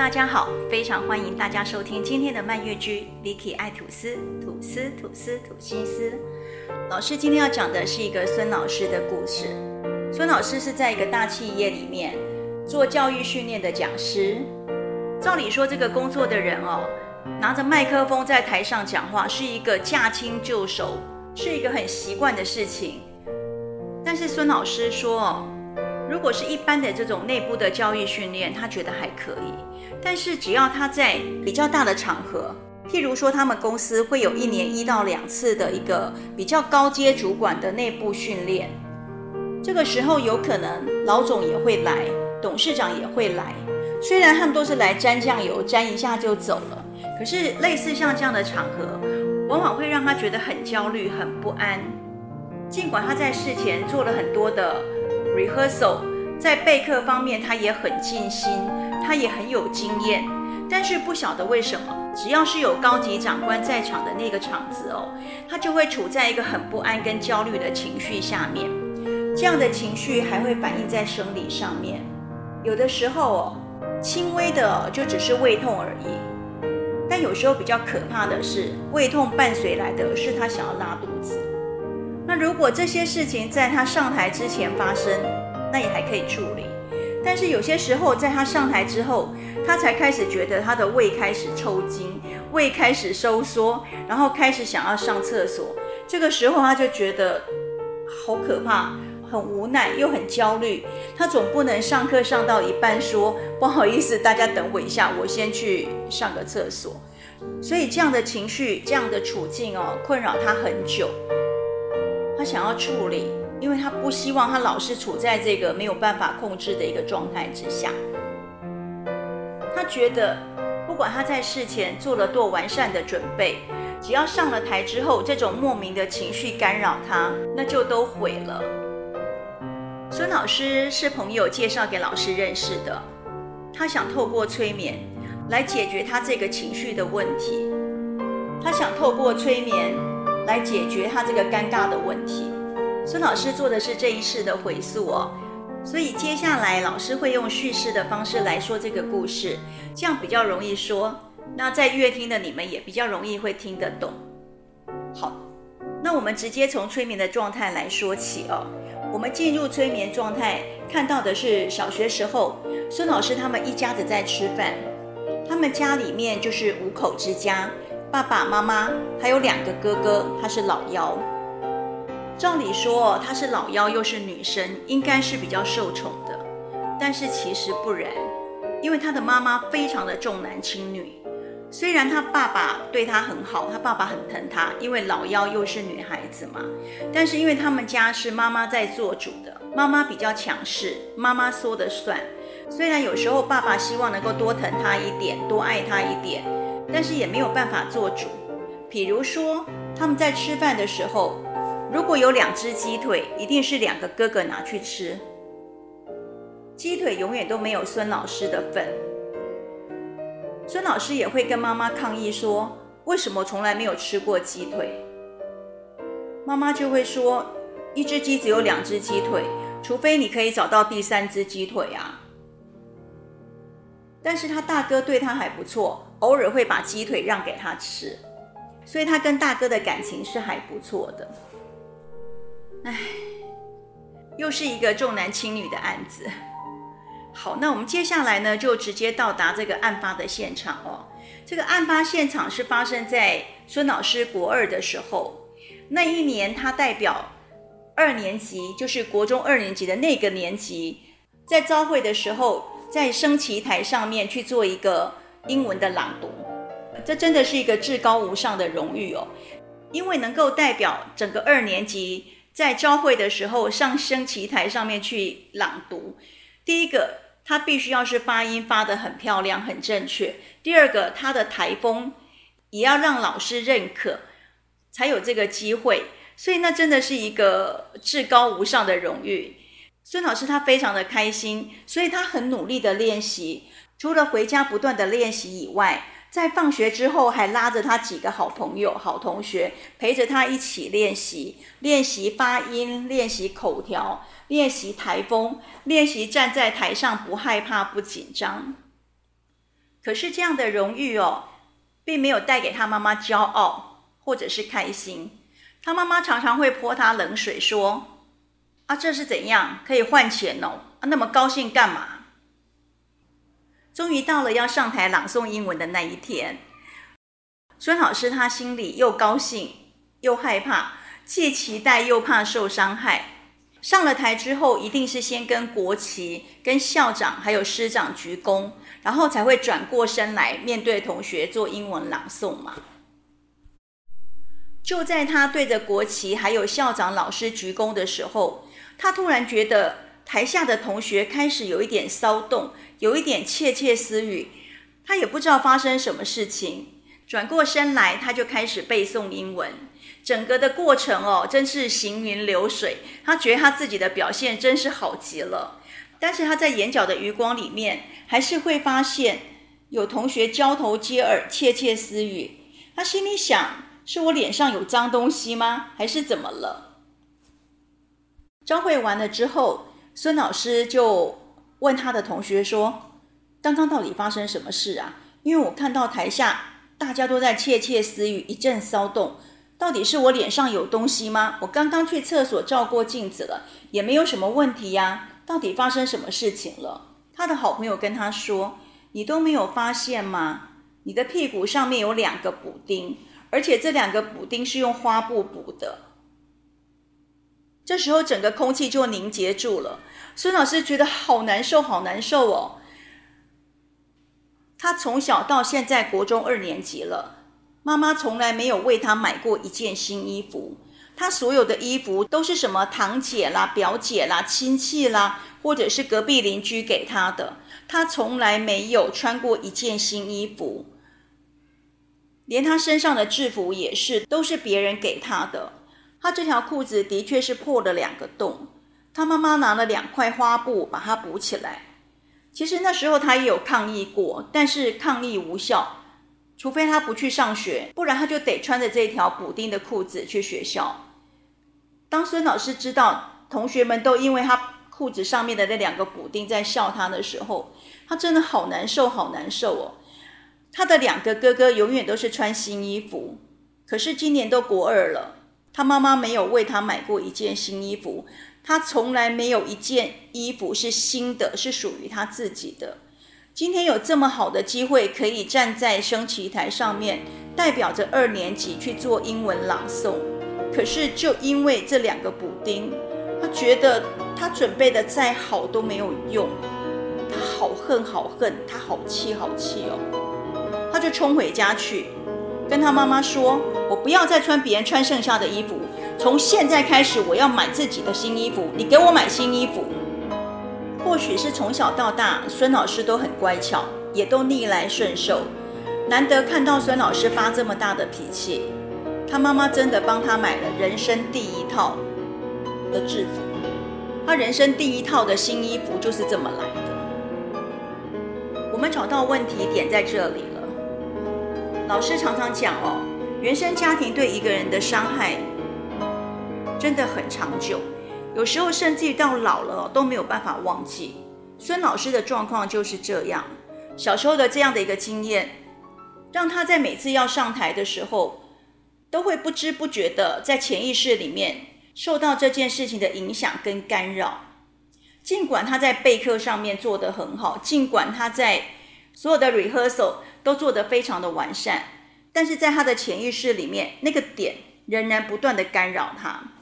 大家好，非常歡迎大家收聽今天的《曼月居》。Vicky 愛吐司，吐司吐司吐司。老師今天要講的是一個孫老師的故事。孫老師是在一個大企業裡面做教育訓練的講師。照理說，這個工作的人哦，拿着麥克風在台上講話，是一個駕輕就熟，是一個很習慣的事情。但是孫老師說、哦。如果是一般的這種內部的教育訓練，他覺得還可以。但是只要他在比較大的場合，譬如說他們公司會有一年一到兩次的一個比較高階主管的內部訓練，這個時候有可能老總也會來，董事長也會來。雖然他們都是來沾醬油，沾一下就走了，可是類似像這樣的場合，往往會讓他覺得很焦慮、很不安。儘管他在事前做了很多的。Rehearsal 在備課方面，他也很盡心，他也很有經驗。但是不曉得為什麼，只要是有高級長官在場的那個場子哦，他就會處在一個很不安跟焦慮的情緒下面。這樣的情緒還會反映在生理上面。有的時候哦，輕微的就只是胃痛而已。但有時候比較可怕的是，胃痛伴隨來的是他想要拉肚子。那如果這些事情在他上台之前發生，那也還可以處理。但是有些時候在他上台之後，他才開始覺得他的胃開始抽筋，胃開始收縮，然後開始想要上廁所。這個時候他就覺得好可怕，很無奈又很焦慮。他總不能上課上到一半說不好意思，大家等我一下，我先去上個廁所。所以這樣的情緒，這樣的處境哦，困擾他很久。他想要處理，因為他不希望他老是處在這個沒有辦法控制的一個狀態之下。他覺得，不管他在事前做了多完善的準備，只要上了台之後，這種莫名的情緒干擾他，那就都毀了。孫老師是朋友介紹給老師認識的，他想透過催眠來解決他這個情緒的問題。他想透過催眠。來解決他這個尷尬的問題。孫老師做的是這一世的回溯哦，所以接下來老師會用敘事的方式來說這個故事，這樣比較容易說。那在閱聽的你們也比較容易會聽得懂。好，那我們直接從催眠的狀態來說起哦。我們進入催眠狀態，看到的是小學時候孫老師他們一家子在吃飯，他們家裡面就是五口之家。爸爸媽媽還有兩個哥哥，她是老幺。照理說，她是老幺又是女生，應該是比較受寵的。但是其實不然，因為她的媽媽非常的重男輕女。雖然她爸爸對她很好，她爸爸很疼她，因為老幺又是女孩子嘛。但是因為他們家是媽媽在做主的，媽媽比較強勢，媽媽說的算。雖然有時候爸爸希望能夠多疼她一點，多愛她一點。但是也沒有辦法做主。比如說，他們在吃飯的時候，如果有兩隻雞腿，一定是兩個哥哥拿去吃。雞腿永遠都沒有孫老師的份。孫老師也會跟媽媽抗議說：“為什麼從來沒有吃過雞腿？”媽媽就會說：“一隻雞只有兩隻雞腿，除非你可以找到第三隻雞腿啊。”但是他大哥對他還不錯。偶爾會把雞腿讓給他吃，所以他跟大哥的感情是還不錯的。唉，又是一個重男輕女的案子。好，那我們接下來呢，就直接到達這個案發的現場哦。這個案發現場是發生在孫老師國二的時候，那一年他代表二年級，就是國中二年級的那個年級，在朝會的時候，在升旗台上面去做一個。英文的朗讀，這真的是一個至高無上的榮譽哦！因為能夠代表整個二年級在朝會的時候上升旗台上面去朗讀，第一個，他必須要是發音發得很漂亮、很正確；第二個，他的台風也要讓老師認可，才有這個機會。所以，那真的是一個至高無上的榮譽。孫老師他非常的開心，所以他很努力的練習。除了回家不斷的練習以外，在放學之後還拉着他幾個好朋友、好同學陪着他一起練習，練習發音，練習口條，練習台風，練習站在台上不害怕、不緊張。可是這樣的榮譽哦，並沒有帶給他媽媽驕傲或者是開心。他媽媽常常會潑他冷水，說：“啊，這是怎樣可以換錢哦？啊，那麼高興幹嘛？”終於到了要上台朗誦英文的那一天，孫老師他心裡又高興又害怕，既期待又怕受傷害。上了台之後，一定是先跟國旗、跟校長還有師長鞠躬，然後才會轉過身來面對同學做英文朗誦嘛。就在他對着國旗還有校長老師鞠躬的時候，他突然覺得。台下的同學開始有一點騷動，有一點竊竊私語。他也不知道發生什麼事情，轉過身來，他就開始背誦英文。整個的過程哦，真是行雲流水。他覺得他自己的表現真是好極了。但是他在眼角的餘光裡面，還是會發現有同學交頭接耳、竊竊私語。他心裡想：是我臉上有髒東西嗎？還是怎麼了？朝會完了之後。孫老師就問他的同學說：“剛剛到底發生什麼事啊？因為我看到台下大家都在竊竊私語，一陣騷動。到底是我臉上有東西嗎？我剛剛去廁所照過鏡子了，也沒有什麼問題呀、啊。到底發生什麼事情了？”他的好朋友跟他說：“你都沒有發現嗎？你的屁股上面有兩個補丁，而且這兩個補丁是用花布補的。”這時候，整個空氣就凝結住了。孫老師覺得好難受，好難受哦。他從小到現在國中二年級了，媽媽從來沒有為他買過一件新衣服。他所有的衣服都是什麼堂姐啦、表姐啦、親戚啦，或者是隔壁鄰居給他的。他從來沒有穿過一件新衣服，連他身上的制服也是，都是別人給他的。他這條褲子的確是破了兩個洞。他媽媽拿了兩塊花布，把他補起來。其實那時候他也有抗議過，但是抗議無效。除非他不去上學，不然他就得穿着這條補丁的褲子去學校。當孫老師知道同學們都因為他褲子上面的那兩個補丁在笑他的時候，他真的好難受，好難受哦。他的兩個哥哥永遠都是穿新衣服，可是今年都國二了，他媽媽沒有為他買過一件新衣服。他從來沒有一件衣服是新的，是屬於他自己的。今天有這麼好的機會，可以站在升旗台上面，代表着二年級去做英文朗誦，可是就因為這兩個補丁，他覺得他準備的再好都沒有用。他好恨，好恨，他好氣，好氣哦！他就衝回家去。跟他媽媽說：“我不要再穿別人穿剩下的衣服，從現在開始我要買自己的新衣服。你給我買新衣服。”或許是從小到大，孫老師都很乖巧，也都逆來順受，難得看到孫老師發這麼大的脾氣。他媽媽真的幫他買了人生第一套的制服，他人生第一套的新衣服就是這麼來的。我們找到問題點在這裡了。老師常常講哦，原生家庭對一個人的傷害真的很長久，有時候甚至於到老了都沒有辦法忘記。孫老師的狀況就是這樣，小時候的這樣的一個經驗，讓他在每次要上台的時候，都會不知不覺的在潛意識裡面受到這件事情的影響跟干擾。儘管他在備課上面做得很好，儘管他在所有的 rehearsal。都做得非常的完善，但是在他的潛意識裡面，那個點仍然不斷的干擾他。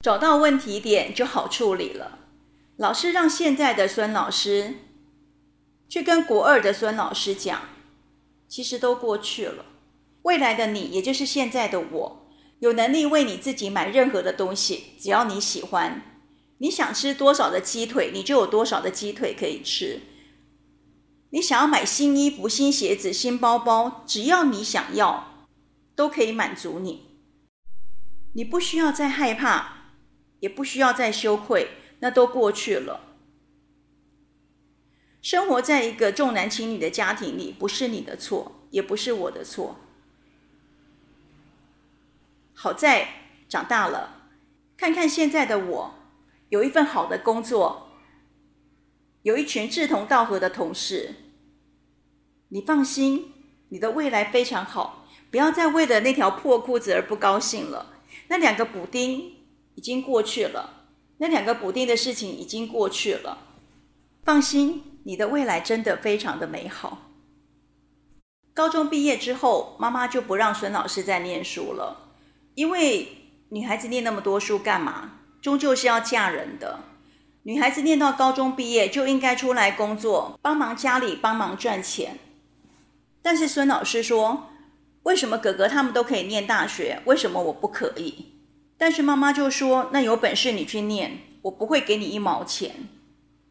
找到問題點就好處理了。老師讓現在的孫老師去跟國二的孫老師講，其實都過去了。未來的你，也就是現在的我，有能力為你自己買任何的東西，只要你喜歡，你想吃多少的雞腿，你就有多少的雞腿可以吃。你想要買新衣服、新鞋子、新包包，只要你想要，都可以滿足你。你不需要再害怕，也不需要再羞愧，那都過去了。生活在一個重男輕女的家庭裡，不是你的錯，也不是我的錯。好在長大了，看看現在的我，有一份好的工作，有一群志同道合的同事。你放心，你的未來非常好，不要再為了那條破褲子而不高興了。那兩個補丁已經過去了，那兩個補丁的事情已經過去了。放心，你的未來真的非常的美好。高中畢業之後，媽媽就不讓孫老師再念書了，因為女孩子念那麼多書幹嘛？終究是要嫁人的。女孩子念到高中畢業就應該出來工作，幫忙家裡，幫忙賺錢。但是孫老師說：“為什麼哥哥他們都可以念大學，為什麼我不可以？”但是媽媽就說：“那有本事你去念，我不會給你一毛錢。”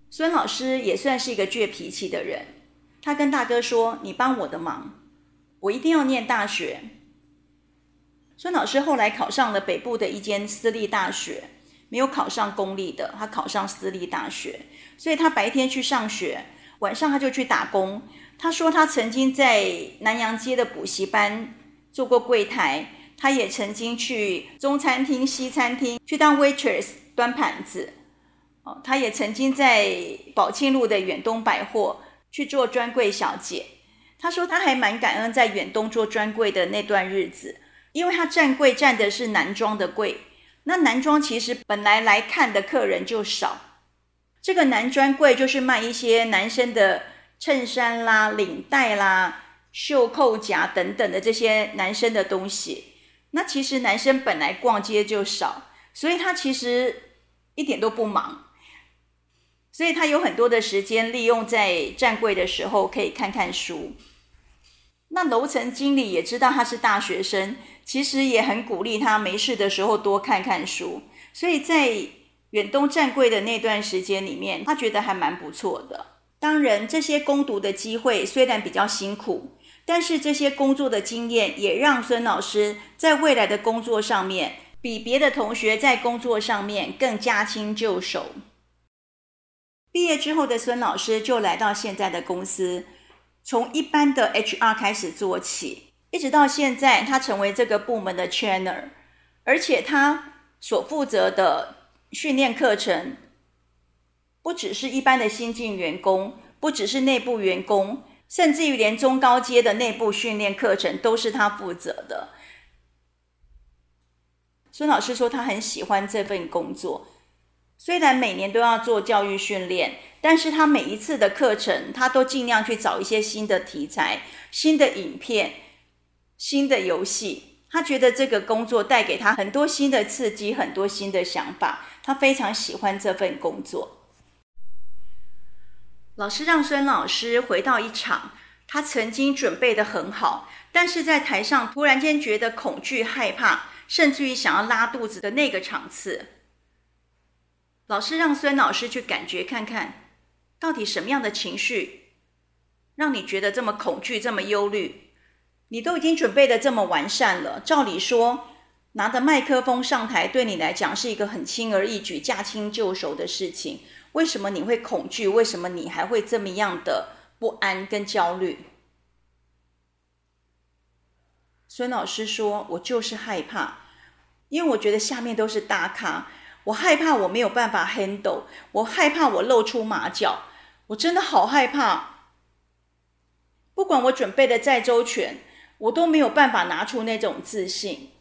孫老師也算是一個倔脾氣的人，他跟大哥說：“你幫我的忙，我一定要念大學。”孫老師後來考上了北部的一間私立大學，沒有考上公立的，他考上私立大學，所以他白天去上學，晚上他就去打工。他說，他曾經在南陽街的補習班做過櫃台，他也曾經去中餐廳、西餐廳去當 waitress 端盤子。哦，他也曾經在寶慶路的遠東百貨去做專櫃小姐。他說他還蠻感恩在遠東做專櫃的那段日子，因為他站櫃站的是男裝的櫃，那男裝其實本來來看的客人就少，這個男專櫃就是賣一些男生的。襯衫啦、領帶啦、袖扣夾等等的這些男生的東西，那其實男生本來逛街就少，所以他其實一點都不忙，所以他有很多的時間利用在站櫃的時候可以看看書。那樓層經理也知道他是大學生，其實也很鼓勵他沒事的時候多看看書，所以在遠東站櫃的那段時間裡面，他覺得還蠻不錯的。當然，這些工讀的機會雖然比較辛苦，但是這些工作的經驗也讓孫老師在未來的工作上面比別的同學在工作上面更駕輕就熟。畢業之後的孫老師就來到現在的公司，從一般的 HR 開始做起，一直到現在，他成為這個部門的 trainer，而且他所負責的訓練課程。不只是一般的新進員工，不只是內部員工，甚至於連中高階的內部訓練課程都是他負責的。孫老師說他很喜歡這份工作，雖然每年都要做教育訓練，但是他每一次的課程他都盡量去找一些新的題材、新的影片、新的遊戲。他覺得這個工作帶給他很多新的刺激，很多新的想法。他非常喜歡這份工作。老師讓孫老師回到一場他曾經準備的很好，但是在台上突然間覺得恐懼、害怕，甚至於想要拉肚子的那個場次。老師讓孫老師去感覺看看到底什麼樣的情緒讓你覺得這麼恐懼、這麼憂慮？你都已經準備的這麼完善了，照理說拿着麥克風上台對你來講是一個很輕而易舉、駕輕就熟的事情。為什麼你會恐懼？為什麼你還會這麼樣的不安跟焦慮？孫老師說：“我就是害怕，因為我覺得下面都是大咖，我害怕我沒有辦法 handle，我害怕我露出馬腳，我真的好害怕。不管我準備的再周全，我都沒有辦法拿出那種自信。”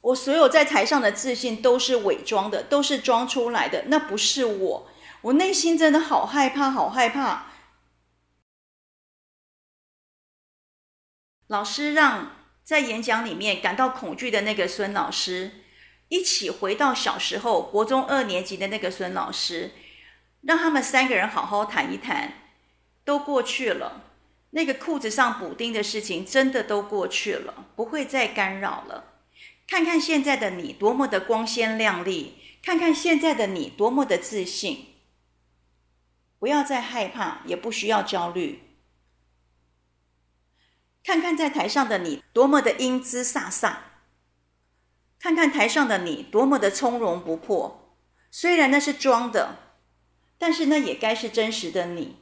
我所有在台上的自信都是偽裝的，都是裝出來的，那不是我。我內心真的好害怕，好害怕。老師讓在演講裡面感到恐懼的那個孫老師，一起回到小時候國中二年級的那個孫老師，讓他們三個人好好談一談，都過去了，那個褲子上補丁的事情真的都過去了，不會再干擾了。看看現在的你多麼的光鮮亮麗，看看現在的你多麼的自信。不要再害怕，也不需要焦慮。看看在台上的你多麼的英姿颯颯，看看台上的你多麼的從容不迫。雖然那是裝的，但是那也該是真實的你，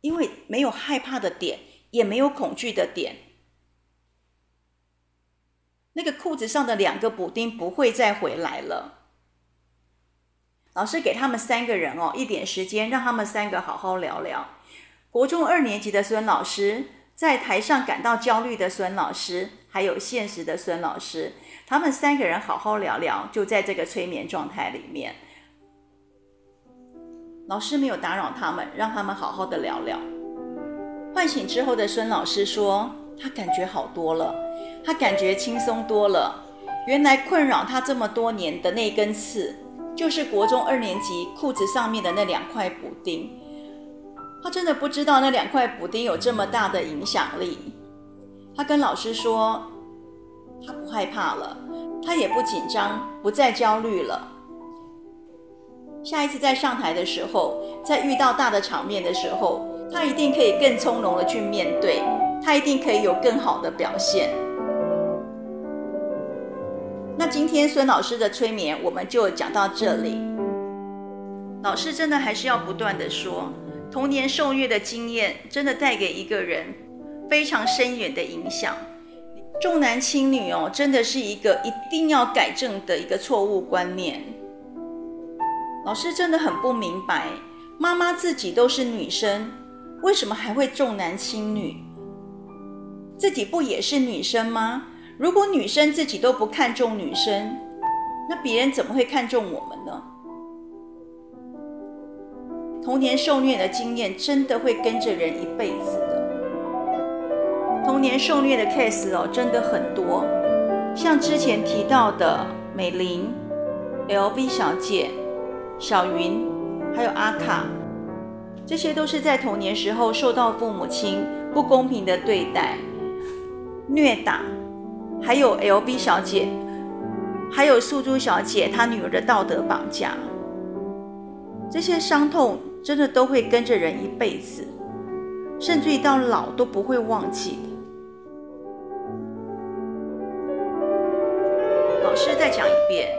因為沒有害怕的點，也沒有恐懼的點。那個褲子上的兩個補丁不會再回來了。老師給他們三個人哦一點時間，讓他們三個好好聊聊。國中二年級的孫老師，在台上感到焦慮的孫老師，還有現實的孫老師，他們三個人好好聊聊，就在這個催眠狀態裡面。老師沒有打擾他們，讓他們好好的聊聊。喚醒之後的孫老師說。他感覺好多了，他感覺輕鬆多了。原來困擾他這麼多年的那根刺，就是國中二年級褲子上面的那兩塊補丁。他真的不知道那兩塊補丁有這麼大的影響力。他跟老師說，他不害怕了，他也不緊張，不再焦慮了。下一次再上台的時候，在遇到大的場面的時候，他一定可以更從容的去面對。他一定可以有更好的表現。那今天孫老師的催眠我們就講到這裡。老師真的還是要不斷的說，童年受虐的經驗真的帶給一個人非常深遠的影響。重男輕女哦，真的是一個一定要改正的一個錯誤觀念。老師真的很不明白，媽媽自己都是女生，為什麼還會重男輕女？自己不也是女生嗎？如果女生自己都不看重女生，那別人怎麼會看重我們呢？童年受虐的經驗真的會跟着人一輩子的。童年受虐的 case 哦，真的很多，像之前提到的美玲、LV 小姐、小雲，還有阿卡，這些都是在童年時候受到父母親不公平的對待。虐打，還有 LB 小姐，還有素珠小姐她女兒的道德綁架，這些傷痛真的都會跟着人一輩子，甚至於到老都不會忘記。老師再講一遍，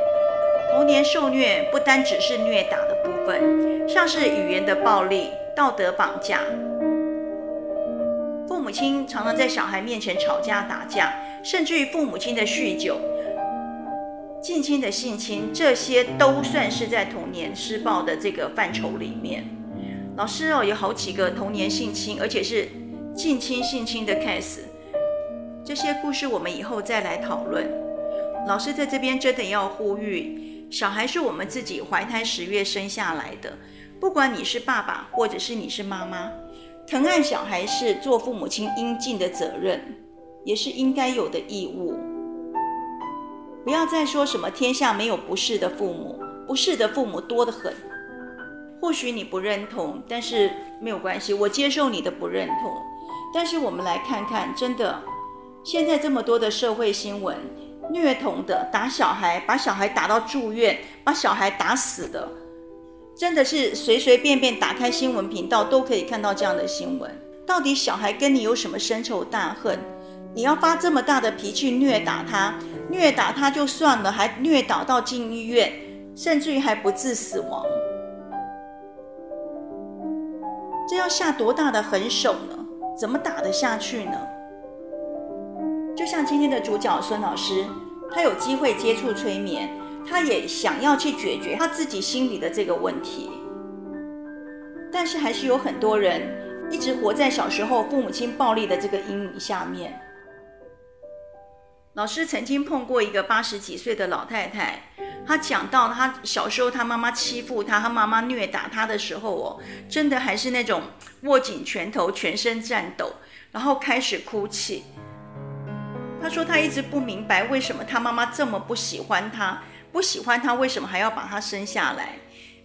童年受虐不單只是虐打的部分，像是語言的暴力、道德綁架。父母親常常在小孩面前吵架打架，甚至於父母親的酗酒、近親的性侵，這些都算是在童年施暴的這個範疇裡面。老師哦，有好幾個童年性侵，而且是近親性侵的 case，這些故事我們以後再來討論。老師在這邊真的要呼籲，小孩是我們自己懷胎十月生下來的，不管你是爸爸或者是你是媽媽。疼愛小孩是做父母親應盡的責任，也是應該有的義務。不要再說什麼天下沒有不是的父母，不是的父母多得很。或許你不認同，但是沒有關係，我接受你的不認同。但是我們來看看，真的，現在這麼多的社會新聞，虐童的，打小孩，把小孩打到住院，把小孩打死的。真的是隨隨便便打開新聞頻道都可以看到這樣的新聞。到底小孩跟你有什麼深仇大恨？你要發這麼大的脾氣虐打他，虐打他就算了，還虐打到進醫院，甚至於還不治死亡，這要下多大的狠手呢？怎麼打得下去呢？就像今天的主角孫老師，他有機會接觸催眠。他也想要去解決他自己心裡的這個問題，但是還是有很多人一直活在小時候父母親暴力的這個陰影下面。老師曾經碰過一個八十幾歲的老太太，她講到她小時候她媽媽欺負她，她媽媽虐打她的時候哦，真的還是那種握緊拳頭，全身顫抖，然後開始哭泣。她說她一直不明白為什麼她媽媽這麼不喜歡她。不喜歡他，為什麼還要把他生下來？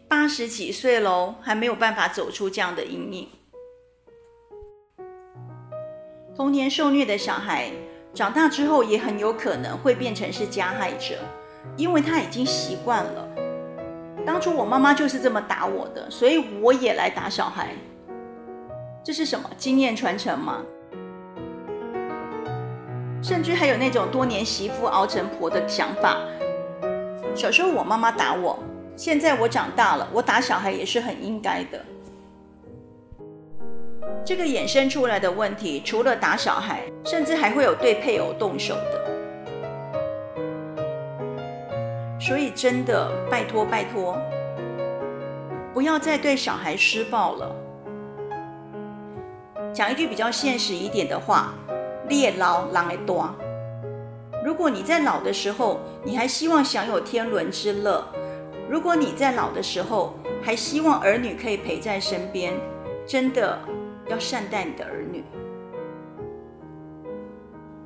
八十幾歲了，還沒有辦法走出這樣的陰影。童年受虐的小孩，長大之後也很有可能會變成是加害者，因為他已經習慣了。當初我媽媽就是這麼打我的，所以我也來打小孩。這是什麼經驗傳承嗎？甚至還有那種多年媳婦熬成婆的想法。小時候我媽媽打我，現在我長大了，我打小孩也是很應該的。這個衍生出來的問題，除了打小孩，甚至還會有對配偶動手的。所以真的，拜託拜託，不要再對小孩施暴了。講一句比較現實一點的話，你會老，人會大如果你在老的時候，你還希望享有天倫之樂；如果你在老的時候還希望兒女可以陪在身邊，真的要善待你的兒女。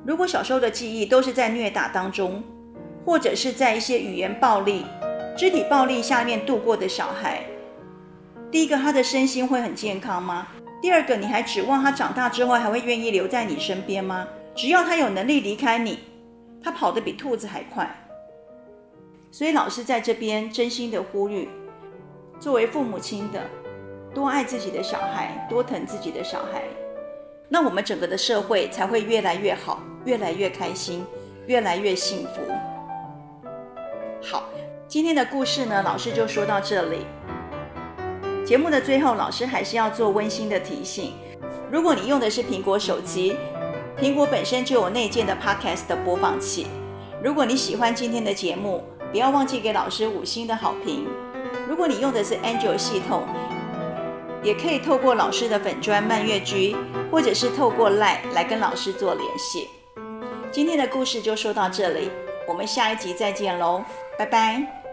如果小時候的記憶都是在虐打當中，或者是在一些語言暴力、肢體暴力下面度過的小孩，第一個他的身心會很健康嗎？第二個你還指望他長大之後還會願意留在你身邊嗎？只要他有能力離開你。他跑得比兔子還快，所以老師在這邊真心的呼籲，作為父母親的，多愛自己的小孩，多疼自己的小孩，那我們整個的社會才會越來越好，越來越開心，越來越幸福。好，今天的故事呢，老師就說到這裡。節目的最後，老師還是要做溫馨的提醒，如果你用的是蘋果手機。蘋果本身就有內建的 Podcast 的播放器。如果你喜歡今天的節目，不要忘記給老師五星的好評。如果你用的是 Android 系統，也可以透過老師的粉專漫月居，或者是透過 Line 來跟老師做聯繫。今天的故事就說到這裡，我們下一集再見嘍，拜拜。